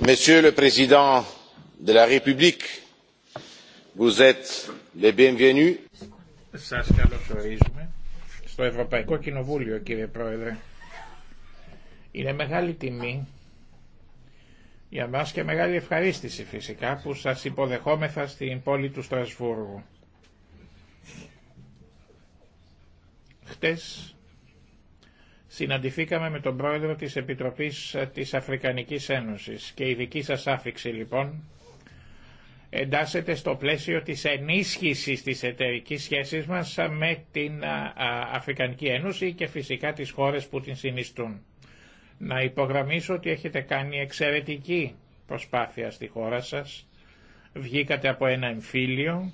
monsieur le président de la république vous êtes Σας καλωσορίζουμε στο Ευρωπαϊκό Κοινοβούλιο, κύριε Πρόεδρε. Είναι μεγάλη τιμή για μας και μεγάλη ευχαρίστηση φυσικά που σας υποδεχόμεθα στην πόλη του Στρασβούργου. Χτες συναντηθήκαμε με τον πρόεδρο της Επιτροπής της Αφρικανικής Ένωσης και η δική σας άφηξη λοιπόν εντάσσεται στο πλαίσιο της ενίσχυσης της εταιρικής σχέσης μας με την Αφρικανική Ένωση και φυσικά τις χώρες που την συνιστούν. Να υπογραμμίσω ότι έχετε κάνει εξαιρετική προσπάθεια στη χώρα σας. Βγήκατε από ένα εμφύλιο,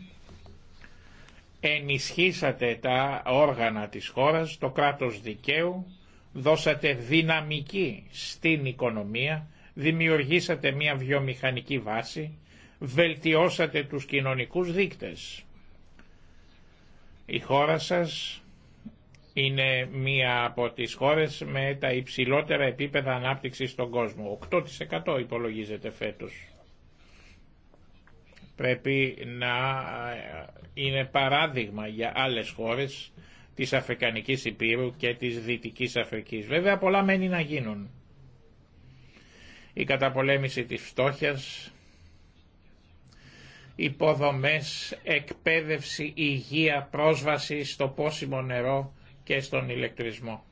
ενισχύσατε τα όργανα της χώρας, το κράτος δικαίου, δώσατε δυναμική στην οικονομία, δημιουργήσατε μια βιομηχανική βάση, βελτιώσατε τους κοινωνικούς δείκτες. Η χώρα σας είναι μία από τις χώρες με τα υψηλότερα επίπεδα ανάπτυξης στον κόσμο. 8% υπολογίζεται φέτος. Πρέπει να ε, είναι παράδειγμα για άλλες χώρες της Αφρικανικής Υπήρου και της Δυτικής Αφρικής. Βέβαια πολλά μένει να γίνουν. Η καταπολέμηση της φτώχειας, υποδομές, εκπαίδευση, υγεία, πρόσβαση στο πόσιμο νερό, και στον ηλεκτρισμό.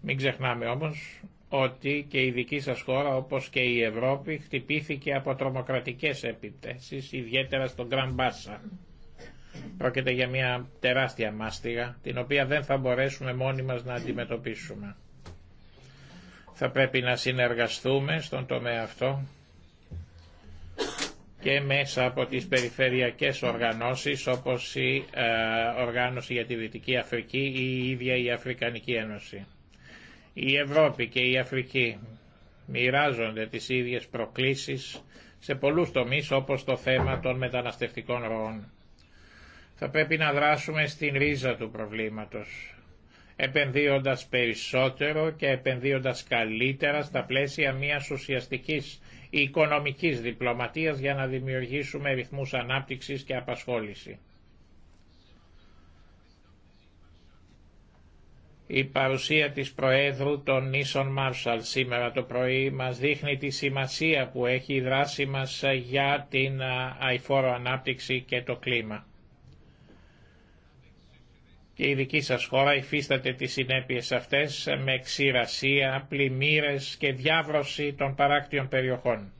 Μην ξεχνάμε όμως ότι και η δική σας χώρα όπως και η Ευρώπη χτυπήθηκε από τρομοκρατικές επιθέσεις, ιδιαίτερα στον Γκραν Μπάσα. Πρόκειται για μια τεράστια μάστιγα, την οποία δεν θα μπορέσουμε μόνοι μας να αντιμετωπίσουμε. Θα πρέπει να συνεργαστούμε στον τομέα αυτό και μέσα από τις περιφερειακές οργανώσεις όπως η ε, Οργάνωση για τη Δυτική Αφρική ή η ίδια η Αφρικανική Ένωση. Η Ευρώπη και η Αφρική μοιράζονται τις ίδιες προκλήσεις σε πολλούς τομείς όπως το θέμα των μεταναστευτικών ροών. Θα πρέπει να δράσουμε στην ρίζα του προβλήματος, επενδύοντας περισσότερο και επενδύοντας καλύτερα στα πλαίσια μιας ουσιαστικής οικονομικής διπλωματίας για να δημιουργήσουμε ρυθμούς ανάπτυξης και απασχόληση. Η παρουσία της Προέδρου των Νίσον Μάρσαλ σήμερα το πρωί μας δείχνει τη σημασία που έχει η δράση μας για την αηφόρο ανάπτυξη και το κλίμα. Και η δική σας χώρα υφίσταται τις συνέπειες αυτές με ξηρασία, πλημμύρες και διάβρωση των παράκτιων περιοχών.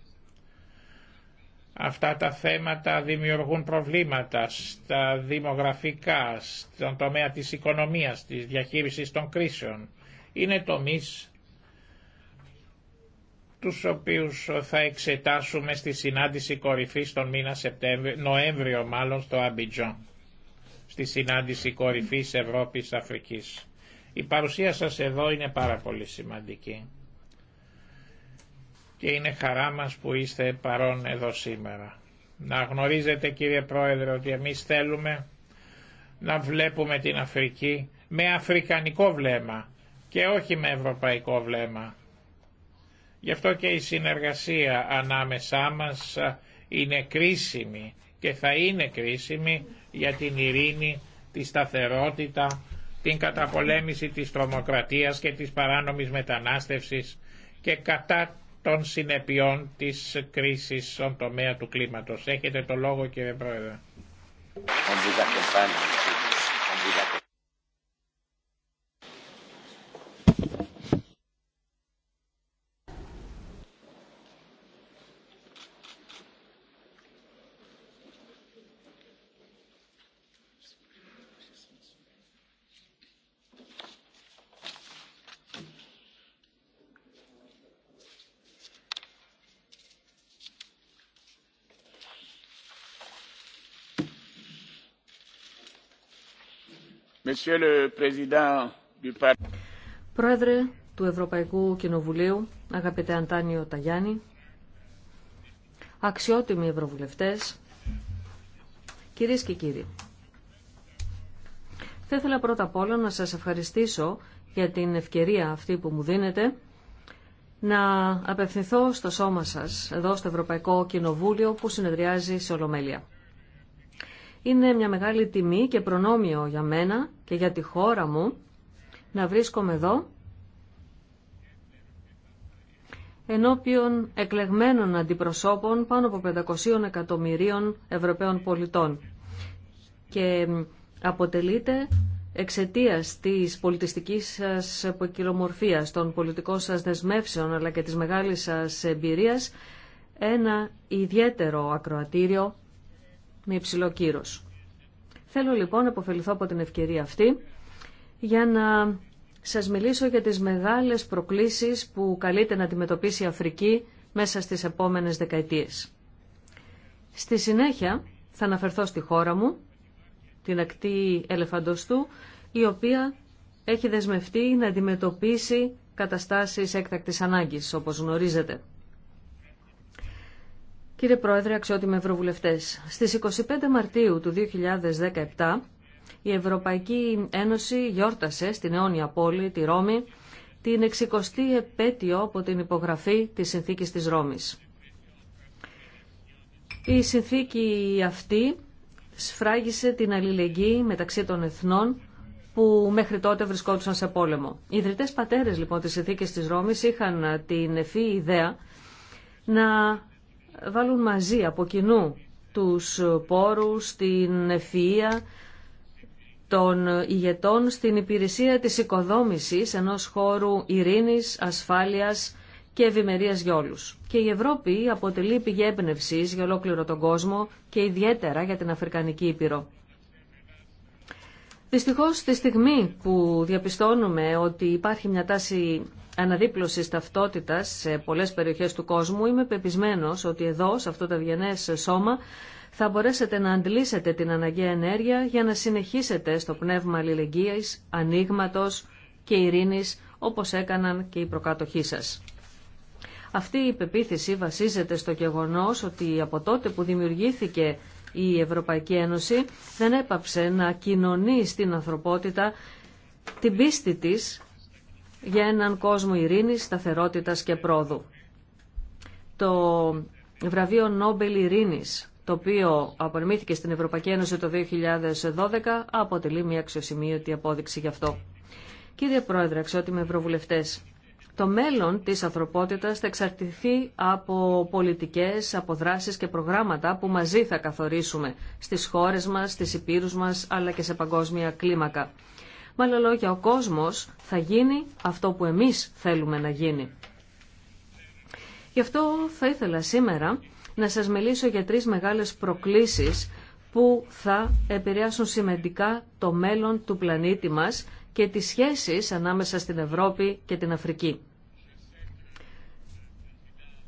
Αυτά τα θέματα δημιουργούν προβλήματα στα δημογραφικά, στον τομέα της οικονομίας, της διαχείρισης των κρίσεων. Είναι τομείς τους οποίους θα εξετάσουμε στη συνάντηση κορυφής τον μήνα Σεπτέμβριο, Νοέμβριο μάλλον στο Αμπιτζόν στη συνάντηση κορυφής Ευρώπης-Αφρικής. Η παρουσία σας εδώ είναι πάρα πολύ σημαντική και είναι χαρά μας που είστε παρόν εδώ σήμερα. Να γνωρίζετε κύριε Πρόεδρε ότι εμείς θέλουμε να βλέπουμε την Αφρική με αφρικανικό βλέμμα και όχι με ευρωπαϊκό βλέμμα. Γι' αυτό και η συνεργασία ανάμεσά μας είναι κρίσιμη και θα είναι κρίσιμη για την ειρήνη, τη σταθερότητα, την καταπολέμηση της τρομοκρατίας και της παράνομης μετανάστευσης και κατά των συνεπειών της κρίσης στον τομέα του κλίματος. Έχετε το λόγο κύριε Πρόεδρε. Πρόεδρε του Ευρωπαϊκού Κοινοβουλίου, αγαπητέ Αντάνιο Ταγιάννη, αξιότιμοι ευρωβουλευτές, κυρίες και κύριοι. Θα ήθελα πρώτα απ' όλα να σας ευχαριστήσω για την ευκαιρία αυτή που μου δίνετε να απευθυνθώ στο σώμα σας, εδώ στο Ευρωπαϊκό Κοινοβούλιο που συνεδριάζει σε Ολομέλεια. Είναι μια μεγάλη τιμή και προνόμιο για μένα και για τη χώρα μου να βρίσκομαι εδώ ενώπιον εκλεγμένων αντιπροσώπων πάνω από 500 εκατομμυρίων Ευρωπαίων πολιτών και αποτελείται εξαιτίας της πολιτιστικής σας ποικιλομορφίας, των πολιτικών σας δεσμεύσεων αλλά και της μεγάλης σας εμπειρίας ένα ιδιαίτερο ακροατήριο με υψηλό κύρος. Θέλω λοιπόν να αποφεληθώ από την ευκαιρία αυτή για να σας μιλήσω για τις μεγάλες προκλήσεις που καλείται να αντιμετωπίσει η Αφρική μέσα στις επόμενες δεκαετίες. Στη συνέχεια θα αναφερθώ στη χώρα μου, την ακτή Ελεφαντοστού, η οποία έχει δεσμευτεί να αντιμετωπίσει καταστάσεις έκτακτης ανάγκης, όπως γνωρίζετε. Κύριε Πρόεδρε, αξιότιμοι ευρωβουλευτέ, στι 25 Μαρτίου του 2017 η Ευρωπαϊκή Ένωση γιόρτασε στην αιώνια πόλη, τη Ρώμη, την 60η επέτειο από την υπογραφή της Συνθήκης της Ρώμης. Η συνθήκη αυτή σφράγισε την αλληλεγγύη μεταξύ των εθνών που μέχρι τότε βρισκόντουσαν σε πόλεμο. Οι ιδρυτές πατέρες λοιπόν της συνθήκης τη Ρώμη. η συνθηκη είχαν την ευφύ ιδρυτε πατερες λοιπον της συνθηκης τη ρωμη ειχαν την ευφυ ιδεα να βάλουν μαζί από κοινού τους πόρους, την ευφυΐα των ηγετών στην υπηρεσία της οικοδόμησης ενός χώρου ειρήνης, ασφάλειας και ευημερία για όλους. Και η Ευρώπη αποτελεί πηγή έμπνευση για ολόκληρο τον κόσμο και ιδιαίτερα για την Αφρικανική Ήπειρο. Δυστυχώς, τη στιγμή που διαπιστώνουμε ότι υπάρχει μια τάση αναδίπλωση ταυτότητα σε πολλές περιοχές του κόσμου, είμαι πεπισμένο ότι εδώ, σε αυτό το ευγενέ σώμα, θα μπορέσετε να αντλήσετε την αναγκαία ενέργεια για να συνεχίσετε στο πνεύμα αλληλεγγύης, ανοίγματο και ειρήνης, όπως έκαναν και οι προκάτοχοί σας. Αυτή η πεποίθηση βασίζεται στο γεγονός ότι από τότε που δημιουργήθηκε η Ευρωπαϊκή Ένωση δεν έπαψε να κοινωνεί στην ανθρωπότητα την πίστη της για έναν κόσμο ειρήνης, σταθερότητας και πρόδου. Το βραβείο Νόμπελ Ειρήνης, το οποίο απορμήθηκε στην Ευρωπαϊκή Ένωση το 2012, αποτελεί μια αξιοσημείωτη απόδειξη γι' αυτό. Κύριε Πρόεδρε, αξιότιμοι Ευρωβουλευτές, το μέλλον της ανθρωπότητας θα εξαρτηθεί από πολιτικές, από δράσεις και προγράμματα που μαζί θα καθορίσουμε στις χώρες μας, στις υπήρους μας, αλλά και σε παγκόσμια κλίμακα. Με άλλα λόγια, ο κόσμος θα γίνει αυτό που εμείς θέλουμε να γίνει. Γι' αυτό θα ήθελα σήμερα να σας μιλήσω για τρεις μεγάλες προκλήσεις που θα επηρεάσουν σημαντικά το μέλλον του πλανήτη μας και τις σχέσεις ανάμεσα στην Ευρώπη και την Αφρική.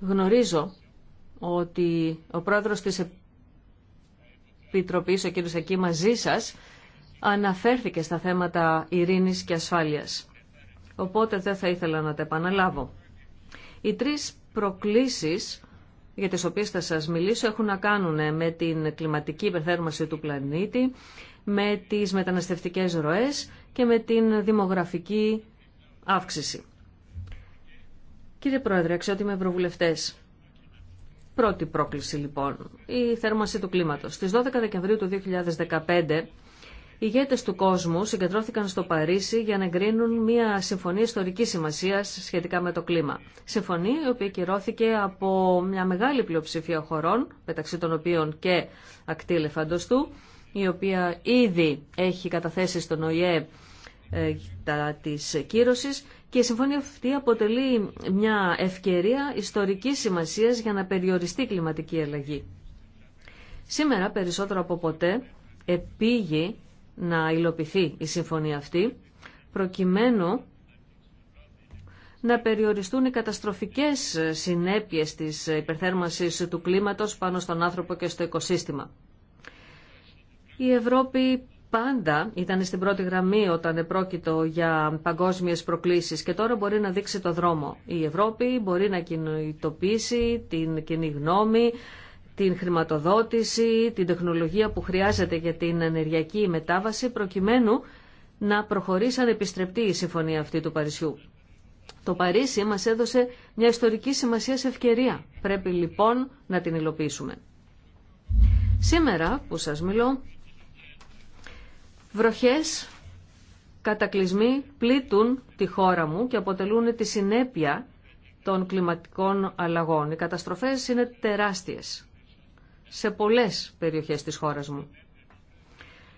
Γνωρίζω ότι ο πρόεδρος της Επιτροπής, ο κ. εκεί μαζί σας αναφέρθηκε στα θέματα ειρήνης και ασφάλειας. Οπότε δεν θα ήθελα να τα επαναλάβω. Οι τρεις προκλήσεις για τις οποίες θα σας μιλήσω έχουν να κάνουν με την κλιματική υπερθέρμανση του πλανήτη, με τις μεταναστευτικές ροές και με την δημογραφική αύξηση. Κύριε Πρόεδρε, αξιότιμοι Ευρωβουλευτέ, πρώτη πρόκληση λοιπόν, η θέρμανση του κλίματος. Στις 12 Δεκεμβρίου του 2015 Ηγέτε του κόσμου συγκεντρώθηκαν στο Παρίσι για να εγκρίνουν μια συμφωνία ιστορική σημασίας σχετικά με το κλίμα. Συμφωνία η οποία κυρώθηκε από μια μεγάλη πλειοψηφία χωρών, μεταξύ των οποίων και ακτή του, η οποία ήδη έχει καταθέσει στον ΟΗΕ ε, τα της κύρωσης και η συμφωνία αυτή αποτελεί μια ευκαιρία ιστορικής σημασίας για να περιοριστεί κλιματική αλλαγή. Σήμερα περισσότερο από ποτέ επίγει να υλοποιηθεί η συμφωνία αυτή, προκειμένου να περιοριστούν οι καταστροφικές συνέπειες της υπερθέρμανσης του κλίματος πάνω στον άνθρωπο και στο οικοσύστημα. Η Ευρώπη πάντα ήταν στην πρώτη γραμμή όταν επρόκειτο για παγκόσμιες προκλήσεις και τώρα μπορεί να δείξει το δρόμο. Η Ευρώπη μπορεί να κινητοποιήσει την κοινή γνώμη, την χρηματοδότηση, την τεχνολογία που χρειάζεται για την ενεργειακή μετάβαση προκειμένου να προχωρήσει ανεπιστρεπτή η συμφωνία αυτή του Παρισιού. Το Παρίσι μας έδωσε μια ιστορική σημασία σε ευκαιρία. Πρέπει λοιπόν να την υλοποιήσουμε. Σήμερα που σας μιλώ, βροχές, κατακλυσμοί πλήττουν τη χώρα μου και αποτελούν τη συνέπεια των κλιματικών αλλαγών. Οι καταστροφές είναι τεράστιες σε πολλές περιοχές της χώρας μου.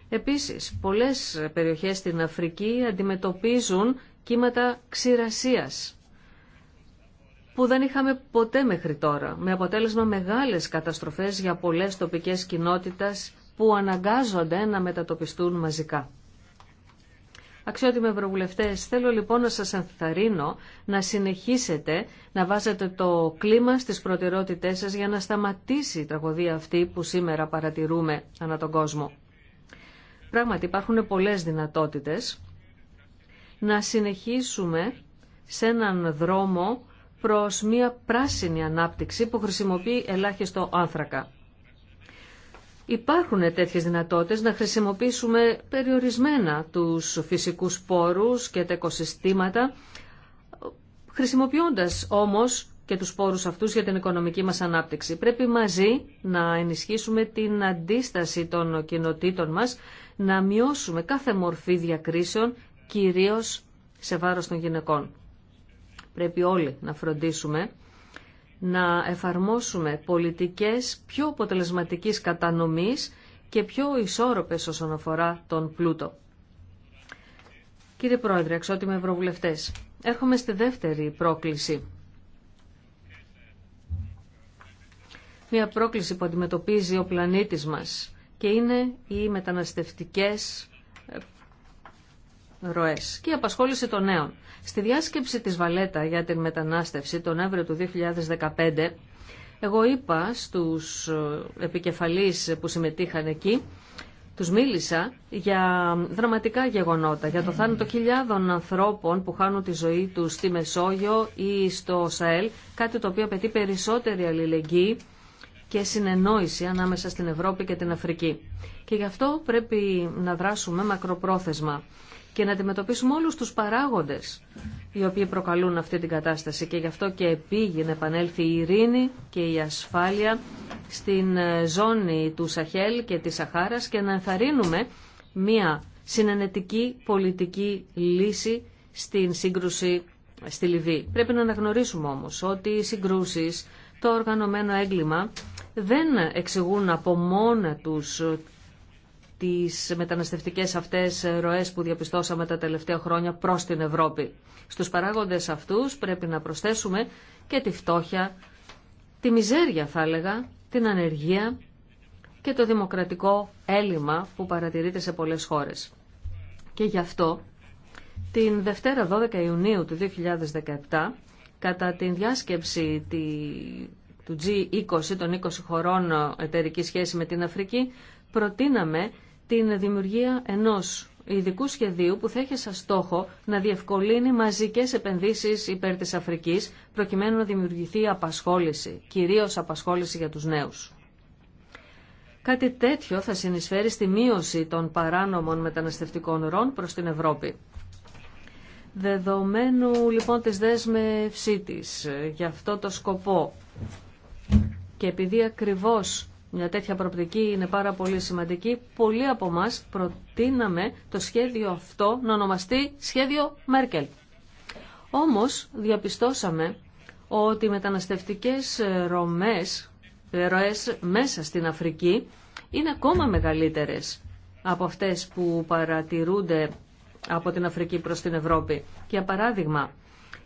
Επίσης, πολλές περιοχές στην Αφρική αντιμετωπίζουν κύματα ξηρασίας που δεν είχαμε ποτέ μέχρι τώρα, με αποτέλεσμα μεγάλες καταστροφές για πολλές τοπικές κοινότητες που αναγκάζονται να μετατοπιστούν μαζικά. Αξιότιμοι Ευρωβουλευτέ, θέλω λοιπόν να σα ενθαρρύνω να συνεχίσετε να βάζετε το κλίμα στι προτεραιότητέ σα για να σταματήσει η τραγωδία αυτή που σήμερα παρατηρούμε ανά τον κόσμο. Πράγματι, υπάρχουν πολλέ δυνατότητε να συνεχίσουμε σε έναν δρόμο προς μια πράσινη ανάπτυξη που χρησιμοποιεί ελάχιστο άνθρακα. Υπάρχουν τέτοιες δυνατότητες να χρησιμοποιήσουμε περιορισμένα τους φυσικούς πόρους και τα οικοσυστήματα, χρησιμοποιώντας όμως και τους πόρους αυτούς για την οικονομική μας ανάπτυξη. Πρέπει μαζί να ενισχύσουμε την αντίσταση των κοινοτήτων μας, να μειώσουμε κάθε μορφή διακρίσεων, κυρίως σε βάρος των γυναικών. Πρέπει όλοι να φροντίσουμε να εφαρμόσουμε πολιτικές πιο αποτελεσματικής κατανομής και πιο ισόρροπες όσον αφορά τον πλούτο. Κύριε Πρόεδρε, αξιότιμοι Ευρωβουλευτές, έρχομαι στη δεύτερη πρόκληση. Μια πρόκληση που αντιμετωπίζει ο πλανήτης μας και είναι οι μεταναστευτικές ροές και η απασχόληση των νέων. Στη διάσκεψη της Βαλέτα για την μετανάστευση τον Εύρεο του 2015, εγώ είπα στους ε, επικεφαλείς που συμμετείχαν εκεί, τους μίλησα για δραματικά γεγονότα, για το θάνατο χιλιάδων ανθρώπων που χάνουν τη ζωή τους στη Μεσόγειο ή στο ΣΑΕΛ, κάτι το οποίο απαιτεί περισσότερη αλληλεγγύη και συνεννόηση ανάμεσα στην Ευρώπη και την Αφρική. Και γι' αυτό πρέπει να δράσουμε μακροπρόθεσμα και να αντιμετωπίσουμε όλους τους παράγοντες οι οποίοι προκαλούν αυτή την κατάσταση και γι' αυτό και επήγει να επανέλθει η ειρήνη και η ασφάλεια στην ε, ζώνη του Σαχέλ και της Σαχάρας και να ενθαρρύνουμε μία συνενετική πολιτική λύση στην σύγκρουση στη Λιβύη. Πρέπει να αναγνωρίσουμε όμως ότι οι συγκρούσεις, το οργανωμένο έγκλημα δεν εξηγούν από μόνα τους τις μεταναστευτικές αυτές ροές που διαπιστώσαμε τα τελευταία χρόνια προς την Ευρώπη. Στους παράγοντες αυτούς πρέπει να προσθέσουμε και τη φτώχεια, τη μιζέρια θα έλεγα, την ανεργία και το δημοκρατικό έλλειμμα που παρατηρείται σε πολλές χώρες. Και γι' αυτό την Δευτέρα 12 Ιουνίου του 2017 κατά την διάσκεψη τη, του G20 των 20 χωρών εταιρική σχέση με την Αφρική προτείναμε την δημιουργία ενός ειδικού σχεδίου που θα έχει σαν στόχο να διευκολύνει μαζικές επενδύσει υπέρ τη Αφρικής προκειμένου να δημιουργηθεί απασχόληση, κυρίως απασχόληση για τους νέους. Κάτι τέτοιο θα συνεισφέρει στη μείωση των παράνομων μεταναστευτικών ροών προς την Ευρώπη. Δεδομένου λοιπόν της δέσμευσή της ε, για αυτό το σκοπό και επειδή ακριβώς μια τέτοια προοπτική είναι πάρα πολύ σημαντική. Πολλοί από εμά προτείναμε το σχέδιο αυτό να ονομαστεί σχέδιο Μέρκελ. Όμως διαπιστώσαμε ότι οι μεταναστευτικές ε, ε, ροές μέσα στην Αφρική είναι ακόμα μεγαλύτερες από αυτές που παρατηρούνται από την Αφρική προς την Ευρώπη. Για παράδειγμα,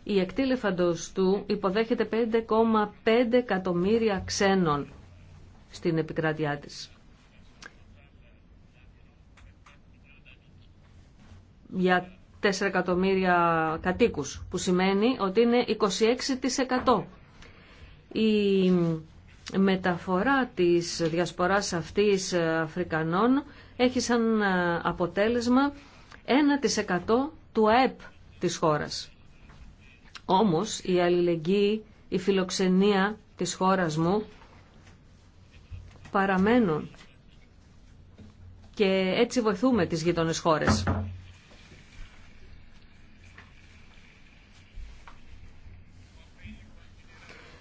η εκτήλεφαντος του υποδέχεται 5,5 εκατομμύρια ξένων στην επικράτειά της. Για 4 εκατομμύρια κατοίκους, που σημαίνει ότι είναι 26%. Η μεταφορά της διασποράς αυτής Αφρικανών έχει σαν αποτέλεσμα 1% του ΑΕΠ της χώρας. Όμως η αλληλεγγύη, η φιλοξενία της χώρας μου παραμένουν και έτσι βοηθούμε τις γείτονες χώρες.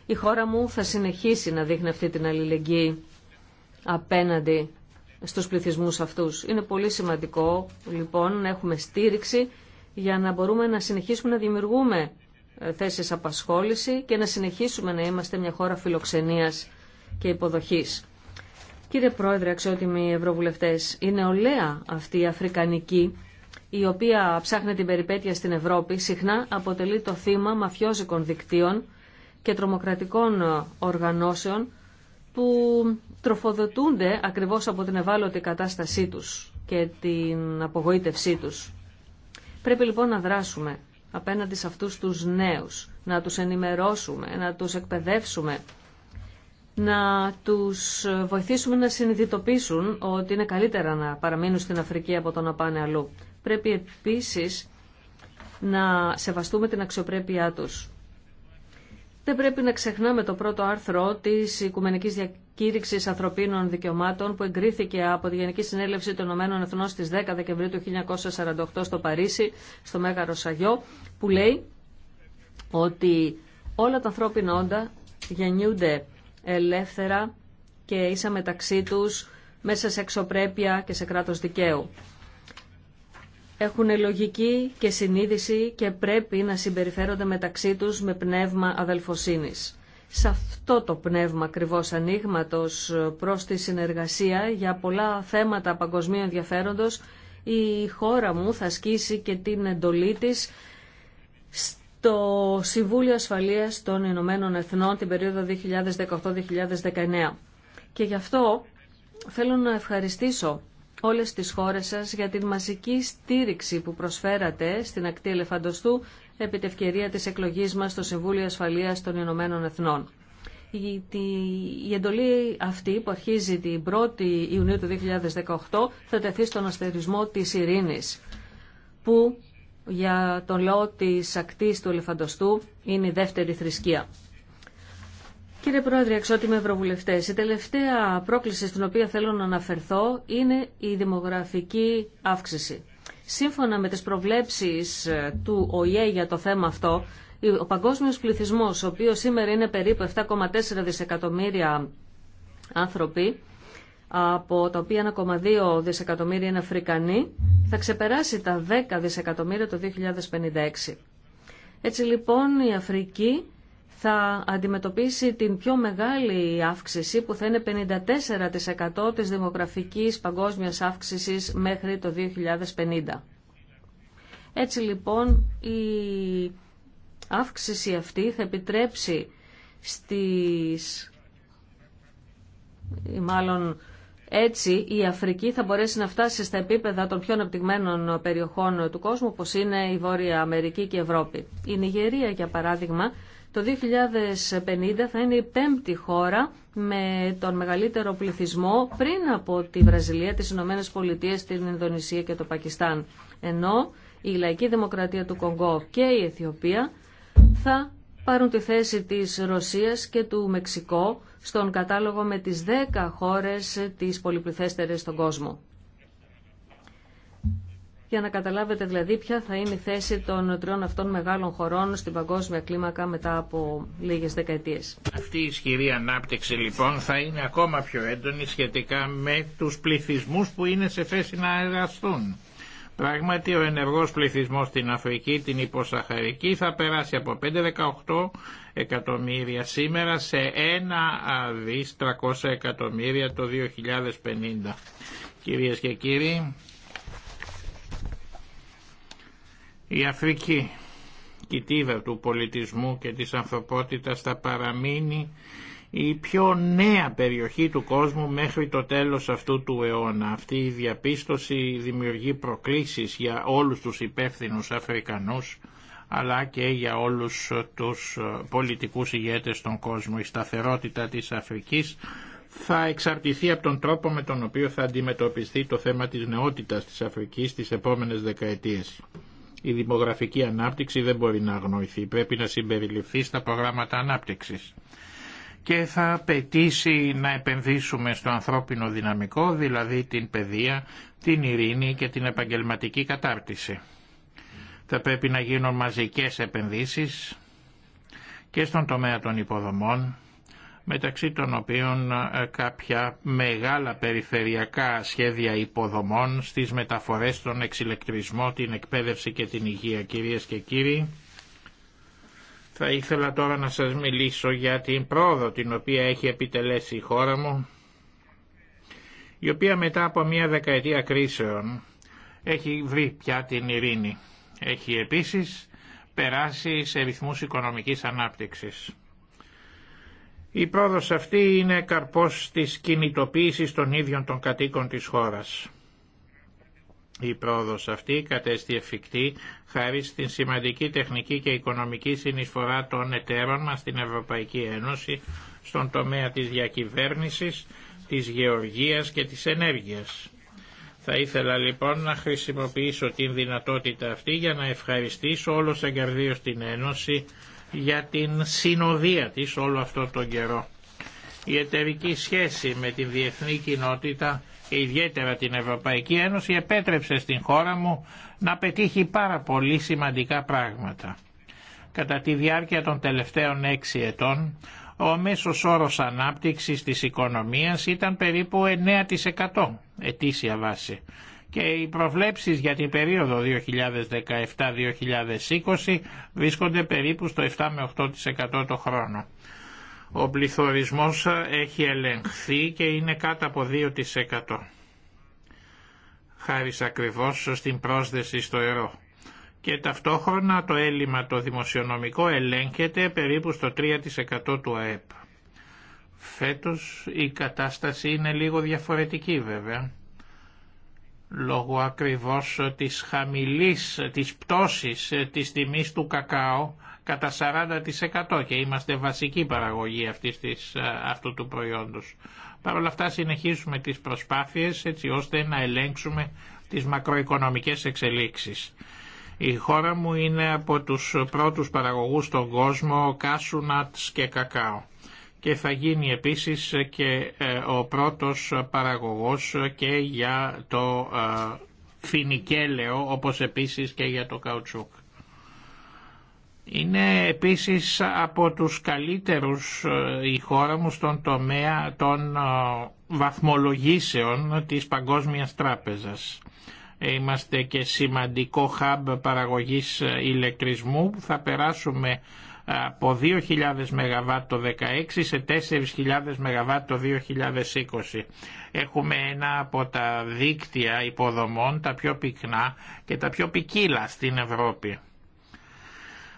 Η χώρα μου θα συνεχίσει να δείχνει αυτή την αλληλεγγύη απέναντι στους πληθυσμούς αυτούς. Είναι πολύ σημαντικό λοιπόν να έχουμε στήριξη για να μπορούμε να συνεχίσουμε να δημιουργούμε ε, θέσεις απασχόληση και να συνεχίσουμε να είμαστε μια χώρα φιλοξενίας και υποδοχής. Κύριε Πρόεδρε, αξιότιμοι ευρωβουλευτές, η νεολαία αυτή η αφρικανική, η οποία ψάχνει την περιπέτεια στην Ευρώπη, συχνά αποτελεί το θύμα μαφιόζικων δικτύων και τρομοκρατικών οργανώσεων που τροφοδοτούνται ακριβώς από την ευάλωτη κατάστασή τους και την απογοήτευσή τους. Πρέπει λοιπόν να δράσουμε απέναντι σε αυτούς τους νέους, να τους ενημερώσουμε, να τους εκπαιδεύσουμε, να τους βοηθήσουμε να συνειδητοποιήσουν ότι είναι καλύτερα να παραμείνουν στην Αφρική από το να πάνε αλλού. Πρέπει επίσης να σεβαστούμε την αξιοπρέπειά τους. Δεν πρέπει να ξεχνάμε το πρώτο άρθρο της Οικουμενικής Διακήρυξης Ανθρωπίνων Δικαιωμάτων που εγκρίθηκε από τη Γενική Συνέλευση των Ηνωμένων Εθνών στις 10 Δεκεμβρίου του 1948 στο Παρίσι, στο Μέγαρο Σαγιό, που λέει ότι όλα τα ανθρώπινα όντα γεννιούνται ελεύθερα και ίσα μεταξύ τους μέσα σε εξωπρέπεια και σε κράτος δικαίου. Έχουν λογική και συνείδηση και πρέπει να συμπεριφέρονται μεταξύ τους με πνεύμα αδελφοσύνης. Σε αυτό το πνεύμα ακριβώ ανοίγματο προς τη συνεργασία για πολλά θέματα παγκοσμίου ενδιαφέροντος η χώρα μου θα σκίσει και την εντολή της το Συμβούλιο Ασφαλείας των Ηνωμένων Εθνών την περίοδο 2018-2019. Και γι' αυτό θέλω να ευχαριστήσω όλες τις χώρες σας για την μαζική στήριξη που προσφέρατε στην ακτή Ελεφαντοστού επί τη ευκαιρία της εκλογής μας στο Συμβούλιο Ασφαλείας των Ηνωμένων Εθνών. Η εντολή αυτή που αρχίζει την 1η Ιουνίου του 2018 θα τεθεί στον αστερισμό της ειρήνης που για τον λαό της ακτής του Ελεφαντοστού είναι η δεύτερη θρησκεία. Κύριε Πρόεδρε, εξότιμοι Ευρωβουλευτέ, η τελευταία πρόκληση στην οποία θέλω να αναφερθώ είναι η δημογραφική αύξηση. Σύμφωνα με τις προβλέψεις ε, του ΟΗΕ για το θέμα αυτό, ο παγκόσμιος πληθυσμός, ο οποίος σήμερα είναι περίπου 7,4 δισεκατομμύρια άνθρωποι, από τα οποία 1,2 δισεκατομμύρια είναι Αφρικανοί, θα ξεπεράσει τα 10 δισεκατομμύρια το 2056. Έτσι λοιπόν η Αφρική θα αντιμετωπίσει την πιο μεγάλη αύξηση που θα είναι 54% της δημογραφικής παγκόσμιας αύξησης μέχρι το 2050. Έτσι λοιπόν η αύξηση αυτή θα επιτρέψει στις μάλλον έτσι η Αφρική θα μπορέσει να φτάσει στα επίπεδα των πιο αναπτυγμένων περιοχών του κόσμου όπως είναι η Βόρεια Αμερική και η Ευρώπη. Η Νιγερία για παράδειγμα το 2050 θα είναι η πέμπτη χώρα με τον μεγαλύτερο πληθυσμό πριν από τη Βραζιλία, τις Ηνωμένες Πολιτείες, την Ινδονησία και το Πακιστάν. Ενώ η Λαϊκή Δημοκρατία του Κονγκό και η Αιθιοπία θα πάρουν τη θέση της Ρωσίας και του Μεξικού στον κατάλογο με τις 10 χώρες τις πολυπληθέστερες στον κόσμο. Για να καταλάβετε δηλαδή ποια θα είναι η θέση των τριών αυτών μεγάλων χωρών στην παγκόσμια κλίμακα μετά από λίγες δεκαετίες. Αυτή η ισχυρή ανάπτυξη λοιπόν θα είναι ακόμα πιο έντονη σχετικά με τους πληθυσμούς που είναι σε θέση να εργαστούν. Πράγματι ο ενεργός πληθυσμός στην Αφρική, την υποσαχαρική, θα περάσει από 5,18 εκατομμύρια σήμερα σε 1 δις 300 εκατομμύρια το 2050. Κυρίες και κύριοι, η Αφρική, κοιτίδα του πολιτισμού και της ανθρωπότητας θα παραμείνει η πιο νέα περιοχή του κόσμου μέχρι το τέλος αυτού του αιώνα. Αυτή η διαπίστωση δημιουργεί προκλήσεις για όλους τους υπεύθυνους Αφρικανούς αλλά και για όλους τους πολιτικούς ηγέτες στον κόσμο. Η σταθερότητα της Αφρικής θα εξαρτηθεί από τον τρόπο με τον οποίο θα αντιμετωπιστεί το θέμα της νεότητας της Αφρικής τις επόμενες δεκαετίες. Η δημογραφική ανάπτυξη δεν μπορεί να αγνοηθεί, πρέπει να συμπεριληφθεί στα προγράμματα ανάπτυξης και θα απαιτήσει να επενδύσουμε στο ανθρώπινο δυναμικό, δηλαδή την παιδεία, την ειρήνη και την επαγγελματική κατάρτιση. Θα πρέπει να γίνουν μαζικές επενδύσεις και στον τομέα των υποδομών, μεταξύ των οποίων ε, κάποια μεγάλα περιφερειακά σχέδια υποδομών στις μεταφορές, των εξηλεκτρισμό, την εκπαίδευση και την υγεία. Κυρίες και κύριοι, θα ήθελα τώρα να σας μιλήσω για την πρόοδο την οποία έχει επιτελέσει η χώρα μου, η οποία μετά από μια δεκαετία κρίσεων έχει βρει πια την ειρήνη. Έχει επίσης περάσει σε ρυθμούς οικονομικής ανάπτυξης. Η πρόοδος αυτή είναι καρπός της κινητοποίησης των ίδιων των κατοίκων της χώρας. Η πρόοδος αυτή κατέστη εφικτή χάρη στην σημαντική τεχνική και οικονομική συνεισφορά των εταίρων μας στην Ευρωπαϊκή Ένωση στον τομέα της διακυβέρνησης, της γεωργίας και της ενέργειας. Θα ήθελα λοιπόν να χρησιμοποιήσω την δυνατότητα αυτή για να ευχαριστήσω όλος εγκαρδίως την Ένωση για την συνοδεία της όλο αυτό τον καιρό. Η εταιρική σχέση με την διεθνή κοινότητα και ιδιαίτερα την Ευρωπαϊκή Ένωση επέτρεψε στην χώρα μου να πετύχει πάρα πολύ σημαντικά πράγματα. Κατά τη διάρκεια των τελευταίων έξι ετών, ο μέσος όρος ανάπτυξης της οικονομίας ήταν περίπου 9% ετήσια βάση και οι προβλέψεις για την περίοδο 2017-2020 βρίσκονται περίπου στο 7 8% το χρόνο. Ο πληθωρισμός έχει ελεγχθεί και είναι κάτω από 2% χάρη ακριβώς στην πρόσδεση στο ευρώ. Και ταυτόχρονα το έλλειμμα το δημοσιονομικό ελέγχεται περίπου στο 3% του ΑΕΠ. Φέτος η κατάσταση είναι λίγο διαφορετική βέβαια, λόγω ακριβώς της χαμηλής, της πτώσης της τιμής του κακάου κατά 40% και είμαστε βασική παραγωγή αυτής της, αυτού του προϊόντος. Παρ' όλα αυτά συνεχίζουμε τις προσπάθειες έτσι ώστε να ελέγξουμε τις μακροοικονομικές εξελίξεις. Η χώρα μου είναι από τους πρώτους παραγωγούς στον κόσμο κάσουνατς και κακάο και θα γίνει επίσης και ε, ο πρώτος παραγωγός και για το ε, φινικέλαιο όπως επίσης και για το καουτσούκ. Είναι επίσης από τους καλύτερους ε, η χώρα μου στον τομέα των ε, βαθμολογήσεων της Παγκόσμιας Τράπεζας. Είμαστε και σημαντικό hub παραγωγής ε, ηλεκτρισμού που θα περάσουμε από 2.000 ΜΒ το 2016 σε 4.000 ΜΒ το 2020. Έχουμε ένα από τα δίκτυα υποδομών τα πιο πυκνά και τα πιο ποικίλα στην Ευρώπη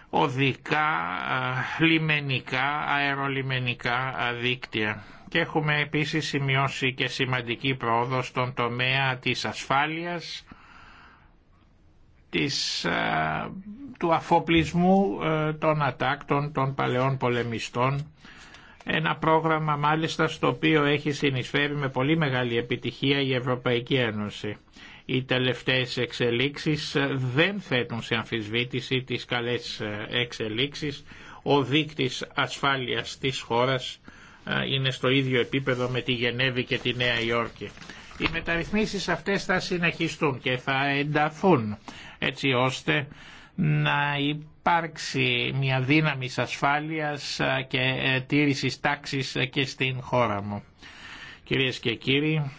οδικά, λιμενικά, αερολιμενικά δίκτυα. Και έχουμε επίσης σημειώσει και σημαντική πρόοδο στον τομέα της ασφάλειας, της, του αφοπλισμού των ατάκτων των παλαιών πολεμιστών. Ένα πρόγραμμα μάλιστα στο οποίο έχει συνεισφέρει με πολύ μεγάλη επιτυχία η Ευρωπαϊκή Ένωση. Οι τελευταίες εξελίξεις δεν θέτουν σε αμφισβήτηση τις καλές ε, εξελίξεις. Ο δείκτης ασφάλειας της χώρας ε, είναι στο ίδιο επίπεδο με τη Γενέβη και τη Νέα Υόρκη. Οι μεταρρυθμίσεις αυτές θα συνεχιστούν και θα ενταθούν έτσι ώστε να υπάρξει μια δύναμη ασφάλειας ε, και τήρησης τάξης και στην χώρα μου. Κυρίες και κύριοι,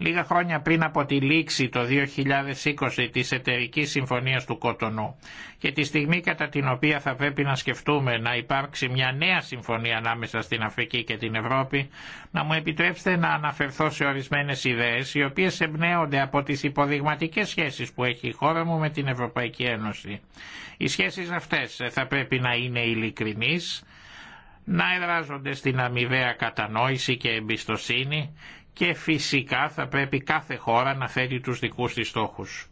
λίγα χρόνια πριν από τη λήξη το 2020 της εταιρικής συμφωνίας του Κοτονού και τη στιγμή κατά την οποία θα πρέπει να σκεφτούμε να υπάρξει μια νέα συμφωνία ανάμεσα στην Αφρική και την Ευρώπη, να μου επιτρέψετε να αναφερθώ σε ορισμένες ιδέες οι οποίες εμπνέονται από τις υποδειγματικές σχέσεις που έχει η χώρα μου με την Ευρωπαϊκή Ένωση. Οι σχέσεις αυτές θα πρέπει να είναι ειλικρινείς, να εδράζονται στην αμοιβαία κατανόηση και εμπιστοσύνη και φυσικά θα πρέπει κάθε χώρα να θέτει τους δικούς της στόχους.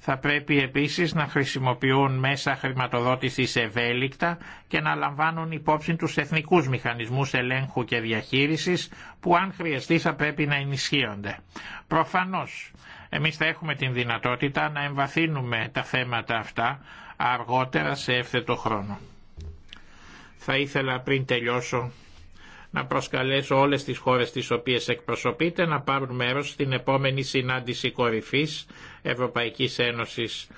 Θα πρέπει επίσης να χρησιμοποιούν μέσα χρηματοδότησης ευέλικτα και να λαμβάνουν υπόψη τους εθνικούς μηχανισμούς ελέγχου και διαχείρισης που αν χρειαστεί θα πρέπει να ενισχύονται. Προφανώς εμείς θα έχουμε την δυνατότητα να εμβαθύνουμε τα θέματα αυτά αργότερα σε εύθετο χρόνο. Θα ήθελα πριν τελειώσω να προσκαλέσω όλες τις χώρες τις οποίες εκπροσωπείτε να πάρουν μέρος στην επόμενη συνάντηση κορυφής Ευρωπαϊκής Ένωσης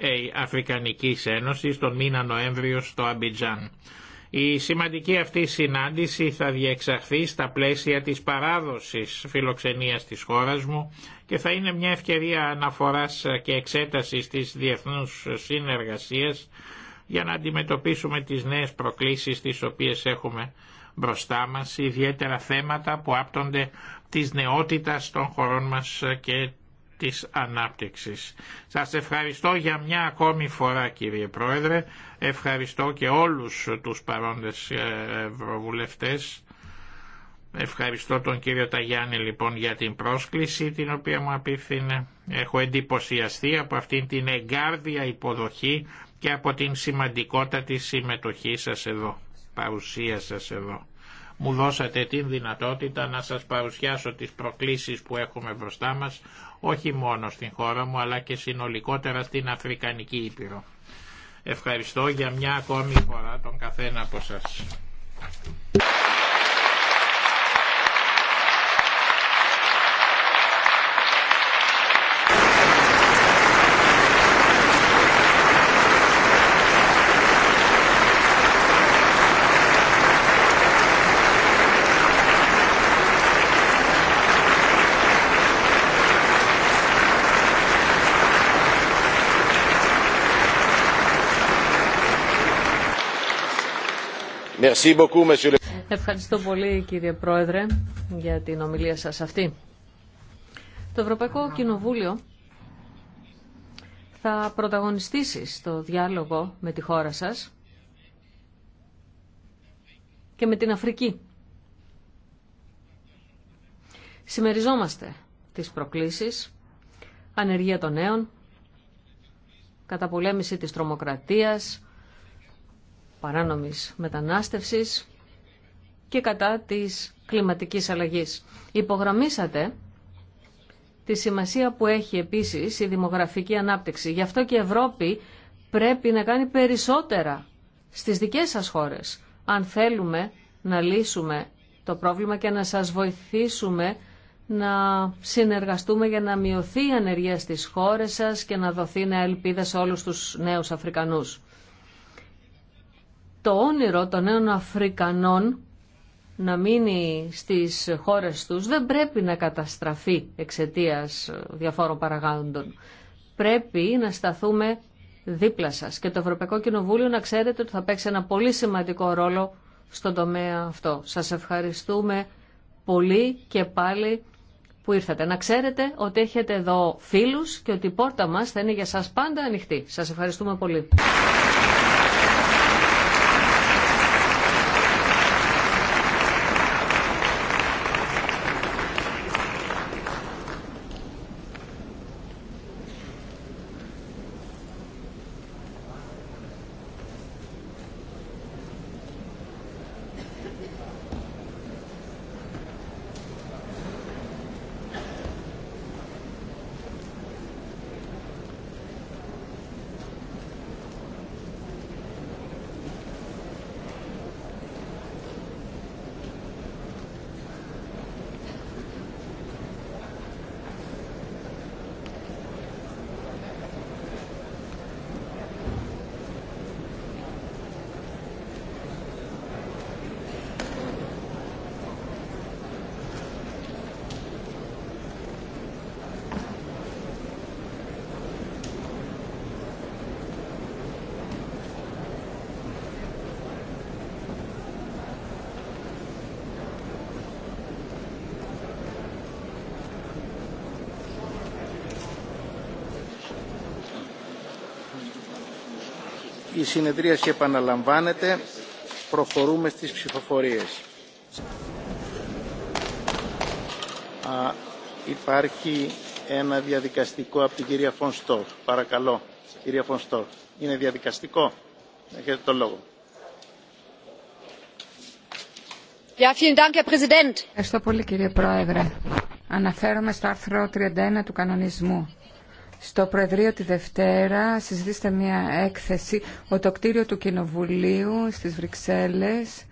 ε, Αφρικανικής Ένωσης τον μήνα Νοέμβριο στο Αμπιτζάν. Η σημαντική αυτή συνάντηση θα διεξαχθεί στα πλαίσια της παράδοσης φιλοξενίας της χώρας μου και θα είναι μια ευκαιρία αναφοράς και εξέτασης της διεθνούς συνεργασίας για να αντιμετωπίσουμε τις νέες προκλήσεις τις οποίες έχουμε μπροστά μας, ιδιαίτερα θέματα που άπτονται της νεότητας των χωρών μας και της ανάπτυξης. Σας ευχαριστώ για μια ακόμη φορά κύριε Πρόεδρε, ευχαριστώ και όλους τους παρόντες ε, ευρωβουλευτές. Ευχαριστώ τον κύριο Ταγιάννη λοιπόν για την πρόσκληση την οποία μου απίθυνε. Έχω εντυπωσιαστεί από αυτήν την εγκάρδια υποδοχή και από την σημαντικότητα της συμμετοχής σας εδώ παρουσία σας εδώ. Μου δώσατε την δυνατότητα να σας παρουσιάσω τις προκλήσεις που έχουμε μπροστά μας, όχι μόνο στην χώρα μου, αλλά και συνολικότερα στην Αφρικανική Ήπειρο. Ευχαριστώ για μια ακόμη φορά τον καθένα από σας. Ευχαριστώ πολύ κύριε Πρόεδρε για την ομιλία σας αυτή. Το Ευρωπαϊκό Κοινοβούλιο θα πρωταγωνιστήσει στο διάλογο με τη χώρα σας και με την Αφρική. Σημεριζόμαστε τις προκλήσεις, ανεργία των νέων, καταπολέμηση της τρομοκρατίας, παράνομης μετανάστευσης και κατά της κλιματικής αλλαγής. Υπογραμμίσατε τη σημασία που έχει επίσης η δημογραφική ανάπτυξη. Γι' αυτό και η Ευρώπη πρέπει να κάνει περισσότερα στις δικές σας χώρες, αν θέλουμε να λύσουμε το πρόβλημα και να σας βοηθήσουμε να συνεργαστούμε για να μειωθεί η ανεργία στις χώρες σας και να δοθεί νέα ελπίδα σε όλους τους νέους Αφρικανούς το όνειρο των νέων Αφρικανών να μείνει στις χώρες τους δεν πρέπει να καταστραφεί εξαιτίας διαφόρων παραγόντων. Πρέπει να σταθούμε δίπλα σας και το Ευρωπαϊκό Κοινοβούλιο να ξέρετε ότι θα παίξει ένα πολύ σημαντικό ρόλο στον τομέα αυτό. Σας ευχαριστούμε πολύ και πάλι που ήρθατε. Να ξέρετε ότι έχετε εδώ φίλους και ότι η πόρτα μας θα είναι για σας πάντα ανοιχτή. Σας ευχαριστούμε πολύ. Η συνεδρίαση επαναλαμβάνεται. Προχωρούμε στις ψηφοφορίες. Α, υπάρχει ένα διαδικαστικό από την κυρία Φωνστόρ. Παρακαλώ, κυρία Φωνστόρ. Είναι διαδικαστικό. Έχετε το λόγο. Ευχαριστώ πολύ κύριε Πρόεδρε. Αναφέρομαι στο άρθρο 31 του κανονισμού στο Προεδρείο τη Δευτέρα συζητήσετε μια έκθεση ότι το κτίριο του Κοινοβουλίου στις Βρυξέλλες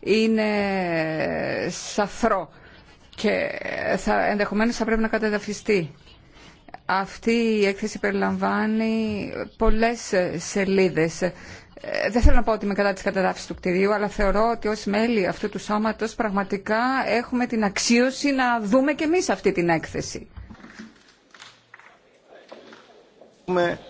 είναι σαφρό και θα, ενδεχομένως θα πρέπει να καταδαφιστεί. Αυτή η έκθεση περιλαμβάνει πολλές σελίδες. Ε, δεν θέλω να πω ότι είμαι κατά της καταδάφησης του κτηρίου, αλλά θεωρώ ότι ως μέλη αυτού του σώματος πραγματικά έχουμε την αξίωση να δούμε και εμείς αυτή την έκθεση με